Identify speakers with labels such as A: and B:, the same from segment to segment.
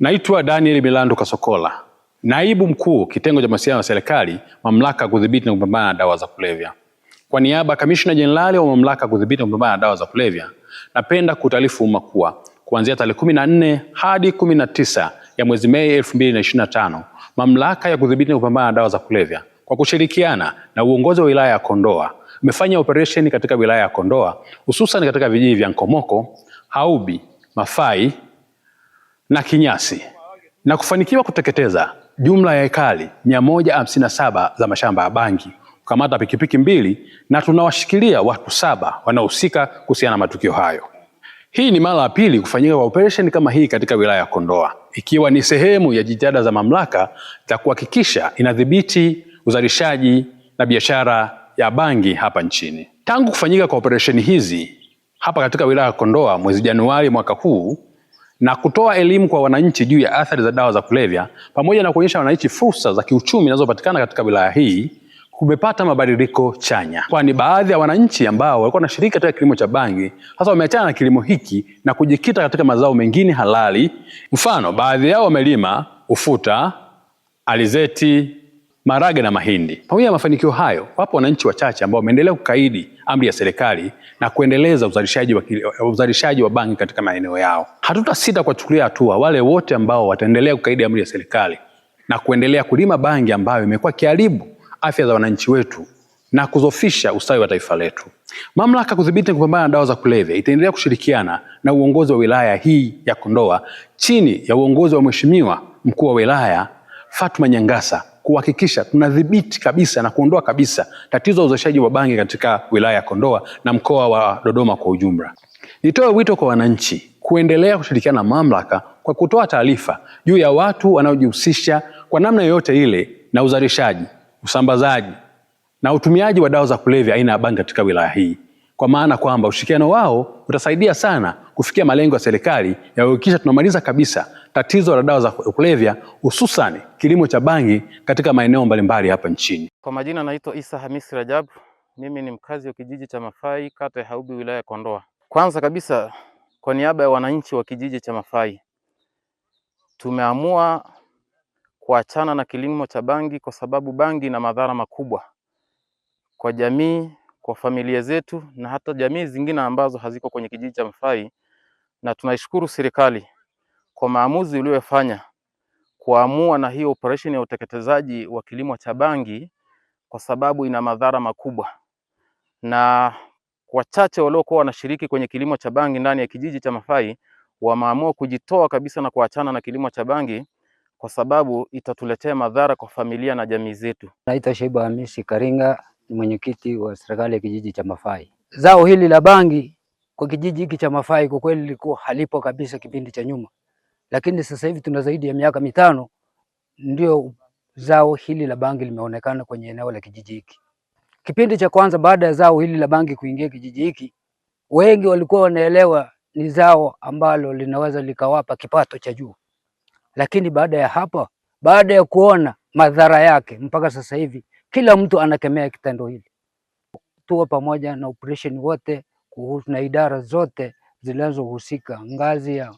A: Naitwa Daniel Milando Kasokola, naibu mkuu kitengo cha mawasiliano ya serikali, mamlaka ya kudhibiti na kupambana na dawa za kulevya. Kwa niaba ya kamishna jenerali wa mamlaka ya kudhibiti na kupambana na dawa za kulevya, napenda kutaarifu umma kuwa kuanzia tarehe 14 hadi 19 ya mwezi Mei 2025 mamlaka ya kudhibiti na kupambana na dawa za kulevya kwa kushirikiana na uongozi wa wilaya ya Kondoa imefanya operesheni katika wilaya ya Kondoa, hususan katika vijiji vya Nkomoko, Haubi, Mafai na kinyasi na kufanikiwa kuteketeza jumla ya ekari mia saba za mashamba ya bangi, kukamata pikipiki mbili na tunawashikilia watu saba wanaohusika kuhusiana na matukio hayo. Hii ni mara ya pili kufanyika kwa operesheni kama hii katika wilaya ya Kondoa, ikiwa ni sehemu ya jitihada za mamlaka za kuhakikisha inadhibiti uzalishaji na biashara ya bangi hapa nchini. Tangu kufanyika kwa operesheni hizi hapa katika wilaya ya Kondoa mwezi Januari mwaka huu na kutoa elimu kwa wananchi juu ya athari za dawa za kulevya pamoja na kuonyesha wananchi fursa za kiuchumi zinazopatikana katika wilaya hii kumepata mabadiliko chanya, kwani baadhi ya wananchi ambao walikuwa wanashiriki katika kilimo cha bangi sasa wameachana na kilimo hiki na kujikita katika mazao mengine halali. Mfano, baadhi yao wamelima ufuta, alizeti maharage na mahindi. Pamoja na mafanikio hayo, wapo wananchi wachache ambao wameendelea kukaidi amri ya serikali na kuendeleza uzalishaji wa, uzalishaji wa bangi katika maeneo yao. Hatutasita kuwachukulia hatua wale wote ambao wataendelea kukaidi amri ya serikali na kuendelea kulima bangi ambayo imekuwa kiharibu afya za wananchi wetu na kuzofisha ustawi wa taifa letu. Mamlaka kudhibiti na kupambana na dawa za kulevya itaendelea kushirikiana na uongozi wa wilaya hii ya Kondoa chini ya uongozi wa Mheshimiwa mkuu wa wilaya Fatuma Nyangasa kuhakikisha tunadhibiti kabisa na kuondoa kabisa tatizo la uzalishaji wa bangi katika wilaya ya Kondoa na mkoa wa Dodoma kwa ujumla. Nitoe wito kwa wananchi kuendelea kushirikiana na mamlaka kwa kutoa taarifa juu ya watu wanaojihusisha kwa namna yoyote ile na uzalishaji, usambazaji na utumiaji wa dawa za kulevya aina ya bangi katika wilaya hii, kwa maana kwamba ushirikiano wao utasaidia sana kufikia malengo ya serikali ya kuhakikisha tunamaliza kabisa tatizo la dawa za kulevya hususan kilimo cha bangi katika maeneo mbalimbali hapa nchini.
B: Kwa majina naitwa Isa Hamisi Rajabu, mimi ni mkazi wa kijiji cha Mafai, kata ya Haubi, wilaya ya Kondoa. Kwanza kabisa, kwa niaba ya wananchi wa kijiji cha Mafai tumeamua kuachana na kilimo cha bangi kwa sababu bangi ina madhara makubwa kwa jamii, kwa familia zetu na hata jamii zingine ambazo haziko kwenye kijiji cha Mafai, na tunaishukuru serikali kwa maamuzi uliyofanya kuamua na hiyo operation ya uteketezaji wa kilimo cha bangi, kwa sababu ina madhara makubwa, na wachache waliokuwa wanashiriki kwenye kilimo cha bangi ndani ya kijiji cha Mafai wameamua kujitoa kabisa na kuachana na kilimo cha bangi kwa sababu itatuletea madhara kwa familia na jamii zetu.
C: Naitwa Shaibu Hamisi Karinga, ni mwenyekiti wa serikali ya kijiji cha Mafai. Zao hili la bangi kwa kijiji hiki cha Mafai kwa kweli lilikuwa halipo kabisa kipindi cha nyuma, lakini sasa hivi tuna zaidi ya miaka mitano ndio zao hili la bangi limeonekana kwenye eneo la kijiji hiki. Kipindi cha kwanza baada ya zao hili la bangi kuingia kijiji hiki, wengi walikuwa wanaelewa ni zao ambalo linaweza likawapa kipato cha juu, lakini baada ya hapa, baada ya kuona madhara yake, mpaka sasa hivi kila mtu anakemea kitendo hili. Tuwa pamoja na operation wote na idara zote zinazohusika ngazi ya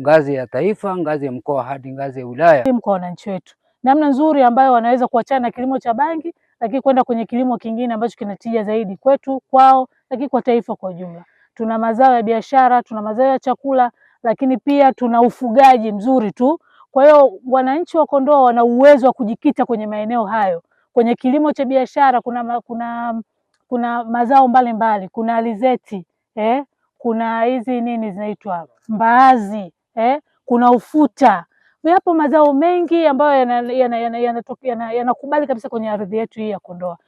C: ngazi ya taifa, ngazi ya mkoa hadi ngazi ya wilaya.
D: kwa wananchi wetu, namna nzuri ambayo wanaweza kuachana na kilimo cha bangi, lakini kwenda kwenye kilimo kingine ambacho kinatija zaidi kwetu, kwao, lakini kwa taifa kwa ujumla. Tuna mazao ya biashara, tuna mazao ya chakula, lakini pia tuna ufugaji mzuri tu. Kwa hiyo wananchi wa Kondoa wana uwezo wa kujikita kwenye maeneo hayo. Kwenye kilimo cha biashara kuna, kuna, kuna mazao mbalimbali mbali, kuna alizeti eh, kuna hizi nini zinaitwa mbaazi eh, kuna ufuta. Yapo mazao mengi ambayo yanakubali yana, yana, yana, yana, yana kabisa kwenye ardhi yetu hii ya Kondoa.